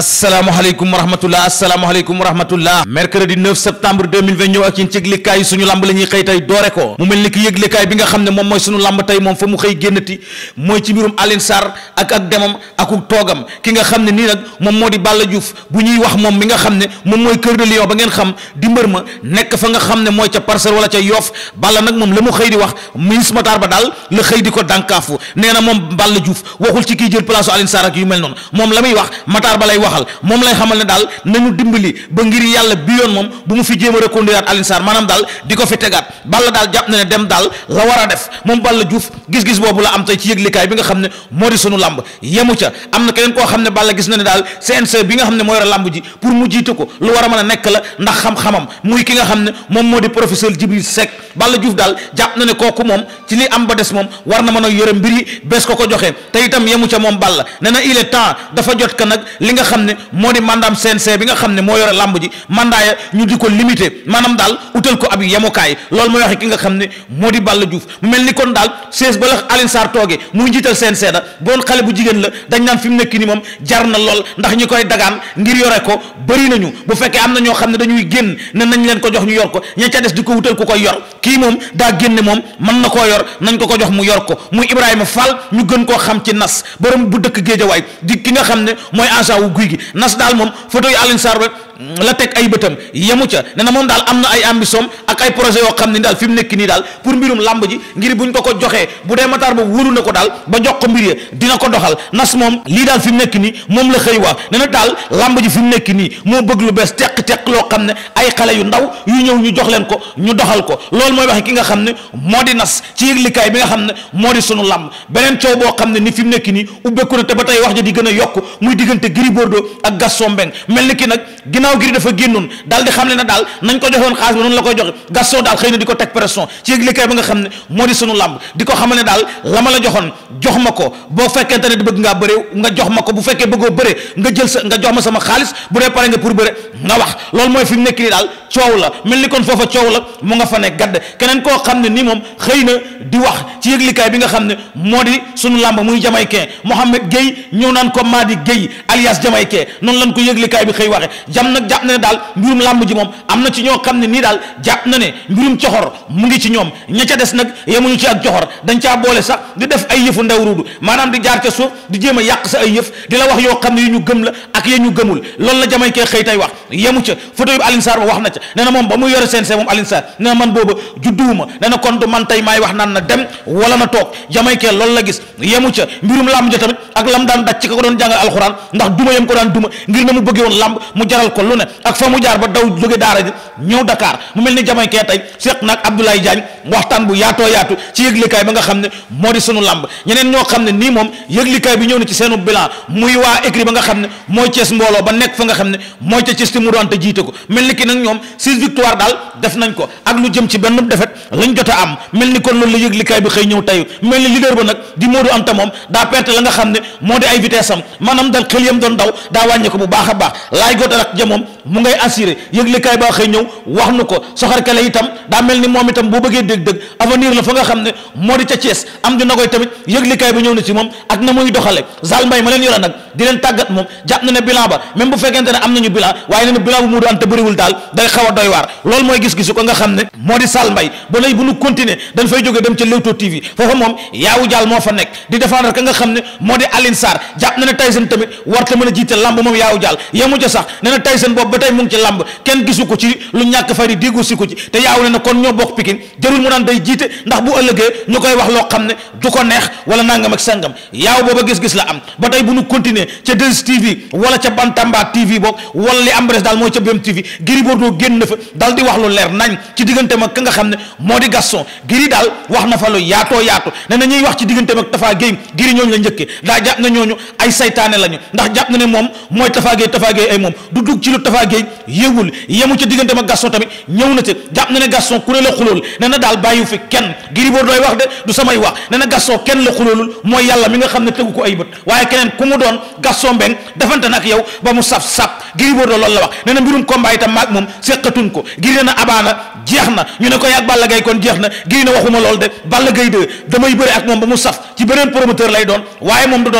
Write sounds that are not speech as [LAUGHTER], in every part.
asalaamaaleykum wa rahmatullah asalaamaaleykum wa rahmatullah mercredi 9 septembre ñëw ak ci yëglekaay suñu lamb la xëy tey doore ko mu mel ni ki yëglekaay bi nga xam ne moom nii nag moom moo di Balla Diouf bu ñuy wax moom mi nga xam ne moom mooy Cœur de Lion ba ngeen xam ma nekk fa nga xam ne mooy ca Parcelles wala ca Yoff Balla nag moom la mu xëy di wax ministre Matar Ba daal la xëy di ko dànkaafu nee na moom Balla Diouf waxul ci kii jël place Alioune Sarr ak yu mel noonu moom la muy wax Matar Ba lay wax waxal moom lay xamal ne daal nañu dimbali ba ngir yàlla bi yoon moom bu mu fi jéem a reconduire Alioune Sarr maanaam daal di ko fi tegaat Balla daal jàpp na ne dem daal la war a def moom Balla Diouf gis-gis boobu la am tey ci yëglikaay bi nga xam ne moo di sunu làmb yemu ca am na keneen koo xam ne Balla gis na ne daal CNG bi nga xam ne moo yore làmb ji pour mu jiite ko lu war a mën a nekk la ndax xam-xamam muy ki nga xam ne moom moo di professeur Djibril Seck ba des moom war a xam ne moo di mandaam CNG bi nga xam ne moo yore làmb ji mandat ñu di ko limité maanaam daal utal ko ab yemukaay loolu moo la da boon fi mu nekk ni moom jar na lool ndax koy dagaan ngir yore ko bëri nañu bu fekkee am na ñoo xam ne dañuy génn ne nañ leen ko jox ñu yor ko ña ca des di ko wutal ku koy yor kii moom daa génne moom mën na koo yor nañ ko ko jox mu yor ko muy Ibrahima Fall ñu gën koo xam ci nas borom bu dëkk Géejawaay di ki nga xam ne mooy agent wu guy gi nas daal moom photo yi Alioune Sarr rek la teg ay bëtam yemu ca ne na moom daal am na ay ambition ak ay projet yoo xam ne daal fi mu nekk nii daal pour mbirum làmb ji ngir buñ ko ko joxee bu dee mataar ba wóolu na ko daal ba jox ko mbir ya dina ko doxal nas moom lii daal fi mu nekk nii moom la xëy wax ne na daal làmb ji fi mu nekk nii moo bëgg lu bees teq-teq loo xam ne ay xale yu ndaw yu ñëw ñu jox leen ko ñu doxal ko loolu mooy waxe ki nga xam ne moo di nas ci yëglikaay bi nga xam ne moo di sunu làmb beneen coow boo xam ne ni fi mu nekk nii ubbeeku na te ba tey wax ja di gën a yokk muy diggante Gris Bordeaux ak Gaston Mbengue mel ni ki ginnaaw giri dafa génnoon daal di xam ne na daal nañ ko joxoon xaalis bi noonu la koy joxe Gaston daal xëy na di ko teg pression ci yëglekaay ba la ma jox ma ko boo fekkente ne di bëgg ngaa bëre nga jox ma ko bu fekkee bëggoo bëre nga jël sa nga jox ma sama xaalis bu dee pare nga pour bëre nga wax loolu mooy fi mu nekk nii daal coow la mel ni kon foofa coow la mu nga fa ne gadd xam ne nii moom xëy na di wax ci yëglikaay bi nga xam ne moo di sunu làmb muy jamaïcain Mohamed Gueye ñëw naan ko Madi Gueye alias jamaïcain noonu lañ ko yëglikaay bi xëy waxe jam nag jàpp na ne daal mbirum làmb ji moom am na ci ñoo xam ne nii daal jàpp na ne mbirum coxor mu ngi ci ñoom ña ca des nag yemuñu ci ak coxor dañ caa boole sax di def ay yëfu ndaw ruudu maanaam di jaar ca suuf di jéem a yàq sa ay yëf di la wax yoo xam ne yu ñu gëm la ak ya ñu gëmul loolu la jamay kee xëy tay wax yemu ca photo yu Alioune ba wax na ca nee na moom ba mu yore seen moom Alioune Sarr nee na man booba judduwuma nee na man tey maay wax naan na dem wala na toog jamay kee la gis yemu ca mbirum làmb ja tamit ak lam daan daj ci ko doon jàngal alxuraan ndax lu ne ak fa mu jaar ba daw jóge daara ji ñëw Dakar mu mel ni jamay kee tey seq nag Abdoulaye Diagne waxtaan bu yaatoo yaatu ci yëglikaay ba nga xam ne moo di sunu làmb ñeneen ñoo xam ne nii moom yëglikaay bi ñëw na ci seenu bilan muy waa écrit ba nga xam ne mooy Cees mbooloo ba nekk fa nga xam ne mooy ca Cees ti mu doon te jiite ko mel ni ki nag ñoom six victoire daal def nañ ko ak lu jëm ci benn defet lañ jot a am mel ni kon loolu la yëglikaay bi xëy ñëw tey mel ni leader ba nag di Modou Anta moom daa perte la xam ne moo di ay vitesse am maanaam dal xel yam doon daw daa bu baax a baax moom mu ngay assuré yëglekaay baa xëy ñëw wax nu ko soxar kale itam daa mel ni moom itam boo bëggee dëgg-dëgg avenir la fa nga xam ne moo di ca Thiès na koy tamit yëglekaay bi ñëw na ci moom ak na muy doxale Zal Mbaye ma leen na ne bilan ba même bu a doy waar moo di ba lay bu nu continuer dañ fay jógee dem ca Leewtoo TV foofu moom yaawu jaal moo fa nekk di défendre ka nga xam ne moo di Aline Sarr jàpp na ne Tyson tamit warta mën a jiite lamb moom yaawu jaal yemu ca sax ne na Tyson boobu boobu ba tey mu ci làmb kenn gisu ko ci lu ñàkk fari diggu si ko ci te yaaw ne na kon ñoo bokk pikin jërul mu naan day jiite ndax bu ëllëgee ñu koy wax loo xam ne du ko neex wala nangam ak sangam yaaw booba gis-gis la am ba tey bu ñu continuer ca 2STV wala ca Bantamba TV boog wala li am res daal mooy ca BM TV Gris Bordeaux génn na fa dal di wax lu leer nañ ci diggante mag ka nga xam ne moo di Gaston Gris daal wax na fa lu yaatoo yaatu ne na ñuy wax ci diggante mag Tafa Gueye Gris ñooñu la na ñooñu ay saytaane lañu ndax jàpp na ne moom mooy Tafa Gueye Tafa Gueye ay moom du dugg ci lu Tafa Moustapha Guèye yëgul yemu ca diggante ma Gaston tamit ñëw na ca jàpp na ne Gaston ku ne la xulóol ne daal bàyyiwu fi kenn Gris Bordeaux wax de du samay wax ne na kenn la xulóolul mooy yàlla mi nga xam ne tegu ko ay bët waaye keneen ku mu doon Gaston Mbengue defante nag yow ba mu saf sap Gris Bordeaux loolu la wax ne na mbirum combat itam maag moom séqatuñ ko Gris ne abaana jeex na ñu ne ko yaag Balla Gaye kon jeex na Gris ne waxuma loolu de Balla Gaye de damay bëri ba mu saf ci beneen promoteur lay doon waaye moom du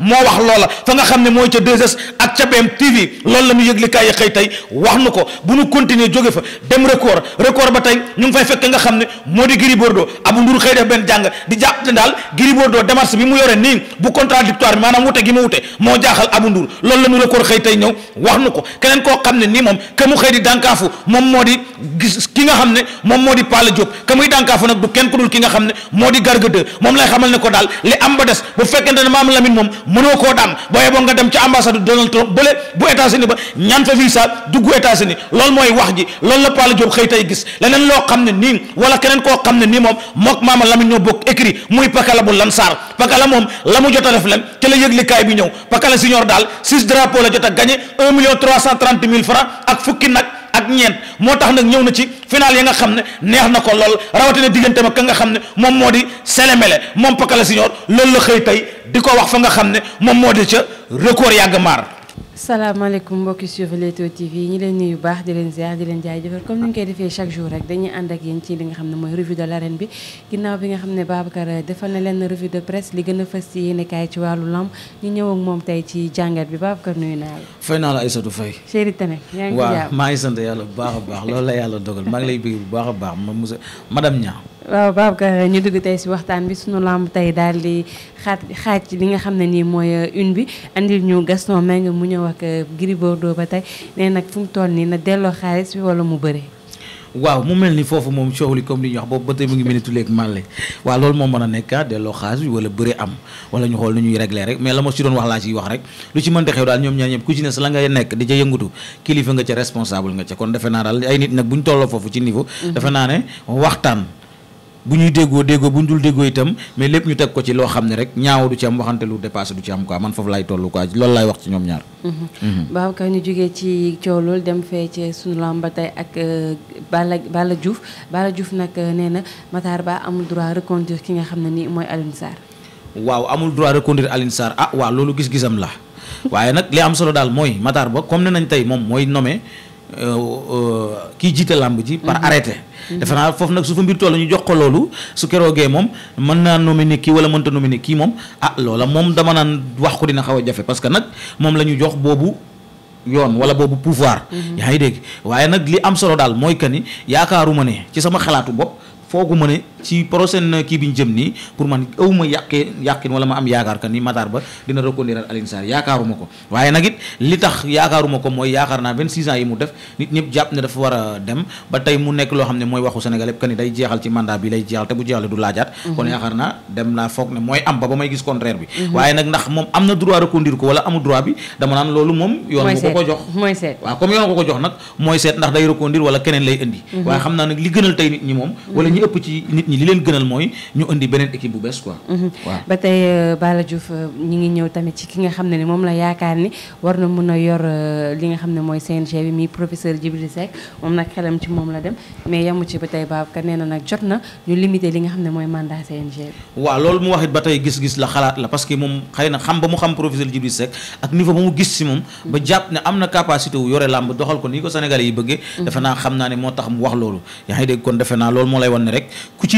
moo wax loola fa nga xam ne mooy ca 2S ak ca BMTV loolu la ñu yëgle kaay yi xëy tey wax nu ko bu nu continuer jóge fa dem record record ba tey ñu ngi fay fekk nga xam ne moo di Gris Bordeaux abu ndur benn jàng di jàpp daal Gris Bordeaux démarche bi mu yore nii bu contradictoire bi maanaam wute gi mu wute moo jaaxal abu la ñu record tey ñëw wax nu ko keneen koo xam ne nii moom ke mu xëy di dànkaafu moom moo di gis ki nga xam ne moom moo di Palla Diop ke muy dànkaafu nag du kenn ku dul ki nga xam ne moo di gargade moom lay xamal ne ko daal li am ba des bu fekkente ne maam Lamine moom mënoo koo daan booye boo nga dem ci ambassade Donald Trump bële bu États-Unis ba ñaan fa visa dugg États-Unis loolu mooy wax ji loolu la Palla Diop xëy tey gis leneen loo xam ne nii wala keneen koo xam ne nii moom mook maama Lamine ñoo bokk écrit muy pakala bu lan saar pakala moom la mu jot a def len ca la yëglikaay bi ñëw pakala siñor daal six drapeau la jot a gagné un million trois cent trente mille francs ak fukki nag ak ñeent moo tax nag ñëw na ci final yi nga xam ne neex na ko lool rawatina diggante ma ka nga xam ne moom moo di Sélémélé moom Pakala Siñoor loolu la xëy tey di ko wax fa nga xam ne moom moo di ca record yàgg maar salaamaaleykum mbokki suivre Leewtoo TV ñi leen nuyu baax di leen ziar di leen jaajëfal comme ni ñu koy defee chaque jour rek dañuy ànd ak yéen ci li nga xam ne mooy revue de l'arène bi ginnaaw bi nga xam ne Babacar eh, defal na leen revue de presse li gën a fës ci yéen kaay ci wàllu lamb ñu ñëw moom tey ci jàngat bi Babacar nuyu naa la. fay naa la Aïssatou Faye. chéri Tane maa ngi sant yàlla bu baax a baax loolu la yàlla dogal maa ngi lay bëgg bu baax a baax ma monsieur madame Niang. waaw Babacar ñu dugg tey si waxtaan bi suñu làmb tey daal di xaaj xaaj li nga xam ne nii mooy euh, une bi andil ñu Gaston Mbengue mu ñëw wax euh, Gris Bordeaux ba tey nee nag fu mu toll nii na delloo xaalis wala mu bëre. waaw mu mel ni foofu moom li comme li ñu wax boobu ba tey mu ngi mel ni tuleeg màlle mën a nekk ah delloo xaalis bi wala bëre am wala ñu xool nu ñuy régler rek mais la ma ci doon wax laa ciy wax rek lu ci mënta xew daal ñoom ñaar ñëpp ku ci ne sa la nga nekk di ca yëngatu kilifa nga ca responsable nga ca kon defe naa daal ay nit nag bu tolloo foofu bu ñuy déggoo déggoo bu ñu dul déggoo itam mais lépp ñu teg ko ci loo xam ne rek ñaaw du ci am waxante lu dépassé du ci am quoi man foofu laay toll quoi loolu laay wax ci mhm. Mhm. loolu dem fee ci sunu lamb ba tey ak euh, Balla Balla Diouf Balla Diouf nag euh, nee na Matar Ba amul droit reconduire ki nga xam ne nii mooy Alioune Sarr. waaw amul droit reconduire Alioune Sarr ah waaw loolu gis-gisam la [LAUGHS] waaye nag li am solo daal mooy Matar Ba comme ne nañ tey moom mooy nommé euh, kiy jiite lamb ji. par mhm. arrêté. defe naa foofu nag su fa mbir toll ñu jox ko loolu su keroogee moom mën naa nominer kii wala mënta nominer kii moom ah loola moom dama naan wax ko dina xaw a jafe parce que nag moom la ñu jox boobu yoon wala boobu pouvoir mm-hmm. yaa ngi dégg waaye nag li am solo daal mooy que ni yaakaaruma ne ci sama xalaatu bopp foogu ma ne ci prochaine kii bi ñu nii pour man ëw yàqin wala ma am yaakaar ka ni Matar Ba dina reconduire Alioune yaakaaruma ko waaye nag it li tax yaakaaruma ko mooy yaakaar naa a dem ba tey mu nekk mhm. foog ne mooy am ba ba may gis contraire bi mhm. waaye nag ndax moom am na droit reconduire ko wala amul droit bi dama naan loolu moom yoon ko ko jox mooy seet waaw comme yoon ko ko jox nag mooy seet ndax day reconduire wala keneen lay indi mhm. waaye xam naa nag li gënal ñi li leen gënal mooy ñu indi beneen équipe bu bees quoi. Mhm. ba tey euh, Balla Diouf euh, ñi ngi ñëw tamit ci ki nga xam ne ni moom la yaakaar ni war na mun a yor euh, li nga xam ne mooy CNG bi muy professeur Djibril Seck moom nag xelam ci moom la dem mais yamu ci ba tey Babacar nee na nag na ñu li nga xam ne mooy mandat CNG bi. waaw loolu mu wax it ba gis la xalaat la parce que moom xëy na xam ba mu xam professeur Djibril Seck ak moom. ba mhm. jàpp ne am na capacité wu yore làmb doxal ko ni ko Sénégalais yi bëggee. Mhm. defe naa xam naa ne moo tax mu wax loolu yaa ngi dégg kon defe naa loolu moo lay wan ne rek ku ci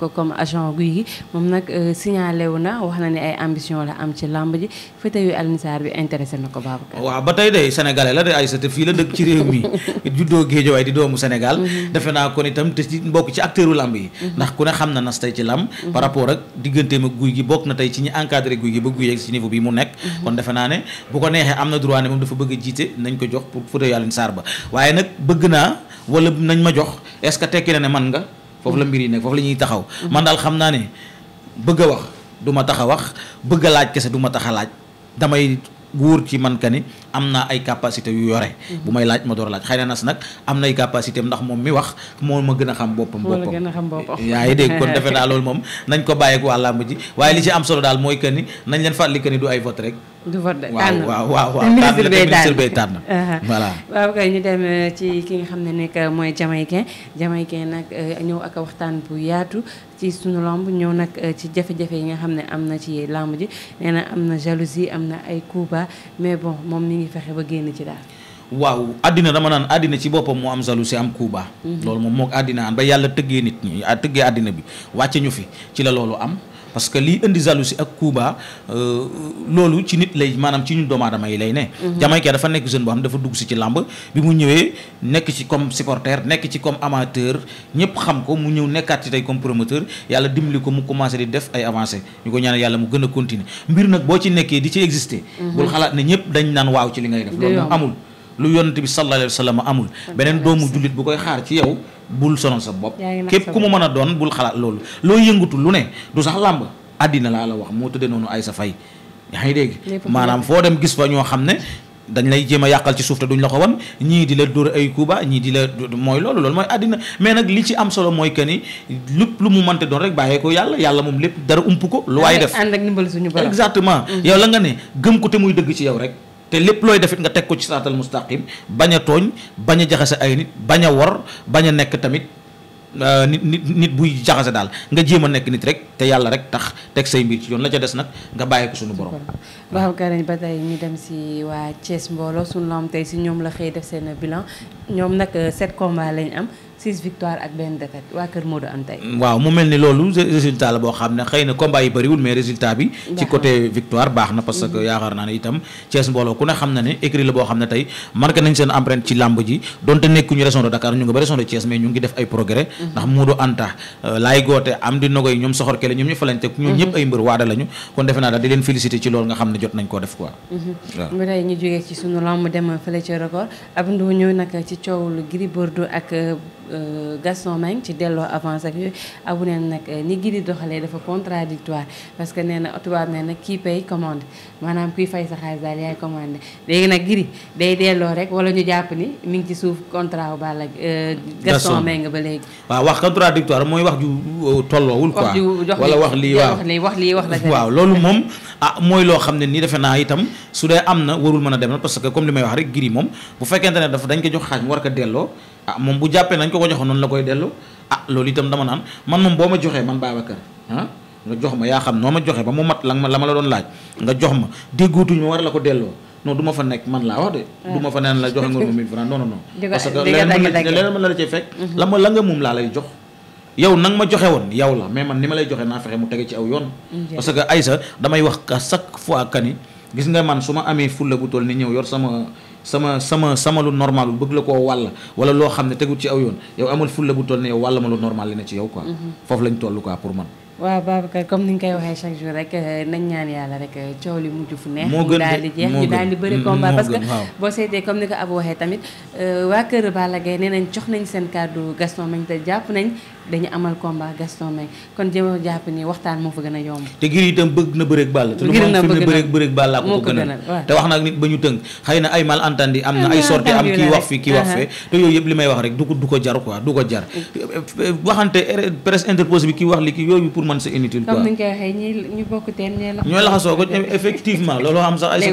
ko comme agent guy gi moom nag euh, signalé na wax na ne ay ambition la am ci làmb ji féete yu Alioune bi intéressé na ko Babacar. waaw ba tey de sénégalais la de ay sëte fii la dëkk ci réew mi [LAUGHS] juddoo Géejawaay di doomu Sénégal. Mhm. defe naa ko ni tam te ci bokk ci acteuru làmb yi. Mhm. ndax ku ne xam na nas tey ci làmb. Mhm. par rapport ak digganteem ak guy gi bokk na tey ci ñi encadré guy gi ba guy ci niveau bi mu nekk. kon defe naa ne bu ko neexee am na droit ne moom dafa bëgg a jiite nañ ko jox pour féete yu Alioune Sarr ba waaye nag bëgg naa wala nañ ma jox est-ce que tekki na man nga foofu la mbir yi nekk foofu la ñuy taxaw man daal xam naa ne bëgg wax du ma tax a wax bëgg laaj kese duma ma tax a laaj damay wóor ci man ka am na ay capacité yu yore mm-hmm. bu may laaj ma door laaj xëy na nas nag am nay capacité ndax moom mi wax moo ma gën a xam boppam boppam [LAUGHS] yaa ngi dégg kon defe naa loolu moom nañ ko bàyyeek waa làmb ji waaye li ci am solo daal mooy que ni nañ leen fàttali que ni du ay vote rek du vote waaw waaw waaw [LAUGHS] ministre bee [LAUGHS] voilà. ñu dem euh, ci ki nga xam ne nekk euh, mooy jamaïcain jamaïcain nag euh, ñëw ak waxtaan bu yaatu ci suñu lamb ñëw nag ci jafe-jafe yi nga xam ne am na ci lamb ji nee na am na jalousie am na ay coups mais bon moom mi ngi fexe ba génn ci daal. waaw àddina dama naan àddina ci boppam moo am jalousie am kuuba mhm. loolu moom moo àddina an ba yàlla tëggee nit ñi tëggee àddina bi wàcce ñu fi ci la loolu am. parce que lii indi si ak Cuba euh, loolu ci nit lay maanaam ci ñu doomu yi lay ne mhm. Jamaïcain dafa nekk jeune boo xam ne dafa dugg si ci làmb bi mu ñëwee nekk ci comme supporter nekk ci comme amateur ñëpp xam ko mu ñëw nekkaat ci tey comme promoteur yàlla dimbali ko mu commencé di def ay avancé ñu ko ñaanal yàlla mu gën a continuer mbir nag boo ci nekkee di ci exister mhm. bul xalaat ne ñëpp dañ naan waaw ci li ngay def loolu amul lu yonent bi sallallahu alayhi wa sallam amul beneen doomu jullit bu koy xaar ci yow bul sonal sa bopp képp ku mu mën a doon bul xalaat loolu loo yëngatu lu ne du sax làmb àddina laa la wax moo tëddee noonu ay sa fay yaa ngi dégg maanaam foo dem gis fa ñoo xam ne dañ lay jéem a yàqal ci suuf te duñ la ko wan ñii di la dóor ay kuba ñii di la mooy loolu loolu mooy àddina mais nag li ci am solo mooy que ni lépp lu mu mënte doon rek bàyyee ko yàlla yàlla moom lépp dara ump ko lu waaye def ànd ak ndimbal suñu mm-hmm. yow la nga ne gëm ko te muy dëgg ci rek te lépp looy defit nga teg ko ci siraatal mustaqim bañ a tooñ bañ a jaxase ay nit bañ a wor bañ a nekk tamit euh, nit nit nit buy jaxase daal nga jéem a nekk nit rek te yàlla rek tax teg say mbir ci yoon la ca des nag nga bàyyi suñu borom. waaw garañ ba tey ñu dem si waa cees mbooloo suñu la am tey si ñoom la xëy def seen bilan ñoom nag euh, sept combats lañ am. six victoires ak benn défaite waa Kër Modou Anta waaw mu mel ni loolu résultat la boo xam ne xëy na combat yi bëriwul mais résultat bi. ci côté victoire baax na parce que mm-hmm. yaakaar naa ne itam Thiès mbooloo ku ne xam na ne écrit la boo xam ne tey marqué nañ seen empreinte ci làmb ji donte nekkuñu région Dakar ñu ñu ngi def ay progrès. Mm-hmm. ndax Modou Anta euh, laay goote am di nogoy ñoom soxor kele ñoom ñu fa lañ teg ñoom ñëpp mm-hmm. ay mbër waada lañu kon defe naa Euh, Gaston Mbengue ci delloo avance ak yooyu abu neen nag euh, ni gi di doxalee dafa contradictoire parce que nee na tubaab nee na kii pay commande maanaam kuy fay sa xaalis daal yaay commandé léegi nag giri day delloo rek wala ñu jàpp ni mu ngi ci suuf contrat wu Balla euh, Gaston Mbengue ba léegi waaw wax contradictoire mooy wax ju tolloowul quoi wala wax lii waaw wax lii wax lii wax la waaw loolu moom ah mooy loo xam ne nii defe naa itam su dee am na warul mën a dem na parce que comme li may wax rek giri moom bu ko jox xaaj ah moom bu jàppee nañ ko ko joxoon noonu la koy dellu ah loolu itam dama naan man moom boo ma joxee man Babacar ah, nga jox ma yaa xam noo ma joxe ba mu mat la ma la ma la doon laaj nga jox ma déggootuñ ma war la ko delloo non du man laa wax de fekk mhm. la ma la nga moom laa lay jox yow nang ma joxe woon yow la mais man ni ma lay joxe naa fexe mu tege ci aw yoon parce que Aïssa damay wax ka chaque fois kani gis nga man su ma amee fulla bu ni ñëw yor sama sama sama sama lu normal bu bëgg la koo wàll wala loo xam ne tegul ci aw yoon yow amal fulla bu toll ne yow wàll ma lu normal li ne ci yow quoi mm-hmm. foofu lañ toll quoi pour man waaw Babacar comme ni nga koy waxee chaque jour rek euh, nañ ñaan yàlla rek euh, coow li mujj fu neex mu daal di jeex ñu daal di bëri combat parce que boo seetee comme ni ko Abou waxee tamit euh, waa kër Balla Gaye nee nañ jox nañ seen kàddu Gaston mañ te jàpp nañ dañu amal combat Gaston Mbengue kon jéem a jàpp ni waxtaan moo fa gën a yomb te ngir itam bëgg na bëreeg bàll te lu ma xam ne bëreeg bëreeg bàll laa ko te wax naag nit ba ñu tënk xëy na ay mal entendu am na ah, ay sorti am kii wax fi kii wax ah, fee ah. te yooyu yëpp li may wax rek du ko du ko jar quoi du ko jar er, wax li yooyu pour man c'est inutile quoi ñooy laxasoo ko effectivement loolu am sax ay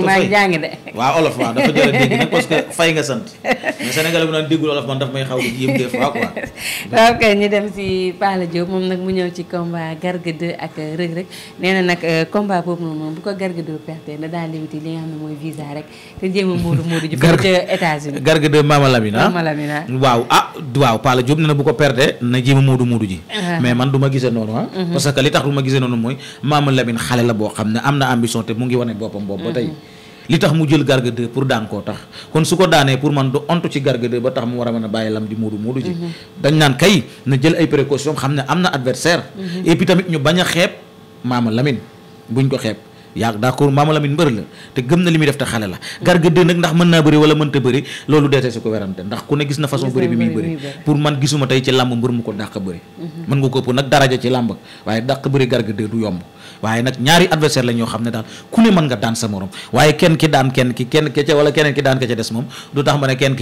waaw olof waaw dafa jël dégg nag parce que [LAUGHS] fay nga sant mais sénégalais bu naan déggul olof man daf may xaw di yëm des fois quoi waaw [LAUGHS] kay ñu dem si ci Balla Diop moom nag mu ñëw ci combat Garga 2 ak Reug Reug nee na nag euh, combat boobu moom bu ko Garga 2 perte na daal limité li nga xam ne mooy visa rek te jéem a moodu moodu ji foofu ca États-Unis ah? Ah. waaw ah waaw Balla Diop nee na bu ko perte na jéem a moodu moodu ji ah. mais man du ma gisee noonu ah mhm. parce que li tax du ma gisee noonu mooy Mama Lamine xale la boo xam ne am na ambition te mu ngi wane boppam boobu tey mhm. li tax mu jël Garga 2 pour daan koo tax kon su ko daanee pour man du ontu ci Garga 2 ba tax mu war a man a bàyyi lam di muudu muudu ji dañ naan kay na jël ay précaution xam ne am na adversaire mhm. et puis tamit ñu bañ a xeeb maama bu ñu ko xeeb yaag d'accord Maama Lamine mbër la te gëm na li muy def te xale la Garga nag ndax mën naa bëri wala mënta bëri loolu deetee si ko werante ndax ku ne gis na façon bëri bi muy bëri pour man gisuma tey ci làmb mbër mu ko dàq bëri mhm. mën nga ko ëpp nag daraja ci làmb waaye dàq bëri Garga du yomb waaye nag ñaari adversaire la xam ne daal ku ne mën nga daan sa morom waaye kenn ki daan kenn ki ca wala keneen ki daan ke ca des moom du tax ma ne kenn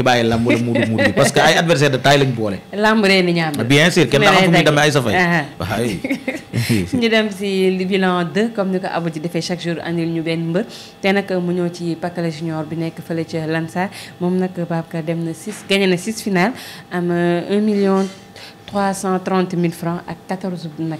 [LAUGHS] [LAUGHS] jour andil ñu benn mbër te nag mu ñëw ci Pakala Junior bi nekk fa fële ca Lansar moom nag Babacar dem na 6 gagné na 6 final am 1 million 330 mille francs ak 14 nag.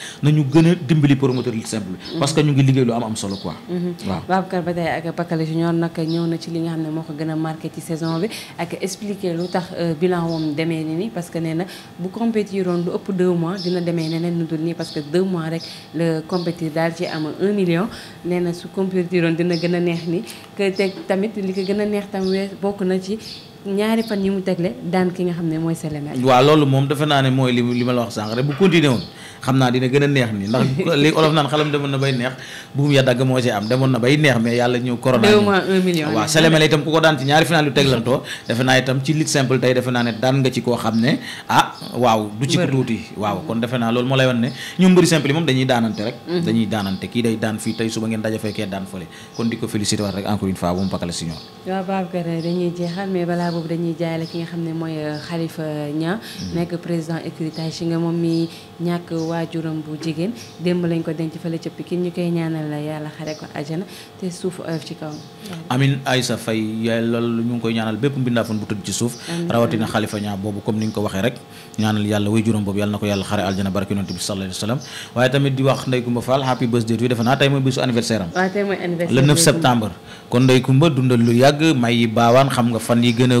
nañu gën a dimbali promoteur simple bi parce que ñu ngi liggéey lu am am solo quoi mm-hmm. waaw Babacar ba tey ak Pakala Junior nag ñëw na ci li nga xam ne moo ko gën a marqué ci saison bi ak expliquer lu tax euh, bilan moom demee ni ni parce que nee na bu compétiroon lu ëpp 2 mois dina demee neneen nu dul nii parce que 2 mois rek le compétir daal ci am 1 million nee na su compétiroon dina gën neex ni tamit li ko gën a neex tam weer bokk na ci ñaari fan yi mu tegle daan ki nga xam ne mooy Sélé waaw loolu moom defe naa ne mooy li ma la wax sànq rek bu continué woon xam naa dina gën a neex ni ndax li olof naan xalam demoon na bay neex buum ya dagg moo see am yàlla ñëw corona ah, yi moom dañuy daanante rek mm-hmm. dañuy daanante kii day daan fii tey suba ngeen daje fekkee daan fële kon di ko félicité rek encore une fois bu si ñoom combat boobu dañuy jaayale ki nga xam ne mooy euh, Khalifa Niang mm-hmm. nekk président écurie Taïshinga moom mi ñàkk waajuram bu jigéen démb lañ ko denc fële ca Pikine ñu koy ñaanal la yàlla xare ko ajana te suuf oyof ci kaw amin Aïssa Faye yaay loolu ñu ngi koy ñaanal bépp mbindaafon bu tëdd ci suuf rawatina Khalifa Niang boobu comme ni ñu ko waxee rek ñaanal yàlla waajuram boobu yàlla na ko yàlla xare aljana barke yonent bi sallallahu wa sallam waaye tamit di wax Ndeye Coumba Fall happy birthday a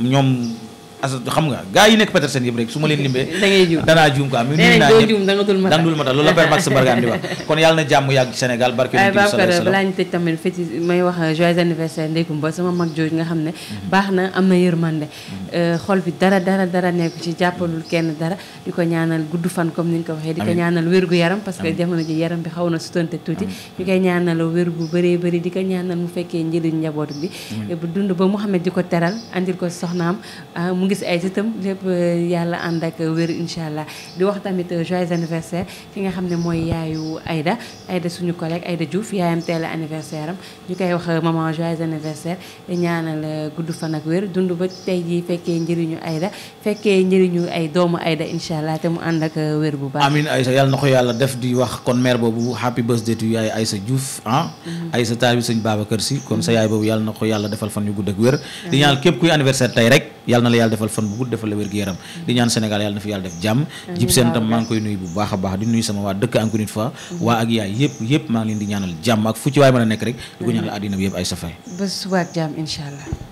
ñoom as xam nga gars yi nekk Petersen yëpp rek su ma leen limbee danaa juum quoi mi nuyu naa ñëpp da nga dul matal loolu la Père Max Mbargane di wax [LAUGHS] kon yàlla na jàmm yàgg Sénégal barke balaa ñu tëj tamit feti may wax euh, joyeux anniversaire Ndeye Coumba sama mag jooju nga xam ne mhm. baax na am na yërmande mhm. euh, xol bi dara dara dara nekk ci jàppalul kenn dara di ko ñaanal gudd fan comme ni nga ko waxee di ko ñaanal wér gu yaram parce que jamono ji yaram bi xaw na sutante tuuti ñu koy ñaanal wér gu bëree bëri di ko ñaanal mu fekkee njëriñ njaboot bi bu dund ba Mouhamed di ko teral andil ko soxnaam ah, gis ay sëtam lépp euh, yàlla ànd ak wér incha di wax tamit euh, joyeux anniversaire ki nga xam ne mooy yaayu Aida Aida suñu collègue Aida Diouf yaayam teel anniversaire am ñu koy wax euh, maman joyeux anniversaire ñaanal gudd fan ak wér dund ba tey jii fekkee njëriñu Aida fekkee njëriñu ay doomu Aida incha allah te mu ànd ak wér bu baax. amiin Aïssa yàlla na ko yàlla def di wax kon mère boobu happy birthday to yaay Aïssa Diouf ah. Mm-hmm. Aïssa taal bi sëñ kër Si kon sa yaay boobu ko yàlla defal fan defal fan bu defal la wér yaram di ñaan Sénégal yàlla na fi yàlla def jàmm jib tam maa ngi koy nuyu bu baax a baax di nuyu sama waa dëkk encore une fois waa ak yaay yëpp yëpp maa ngi leen di ñaanal jàmm ak fu ci waay mën a nekk rek di ko ñaanal àddina bi yëpp ay safay ba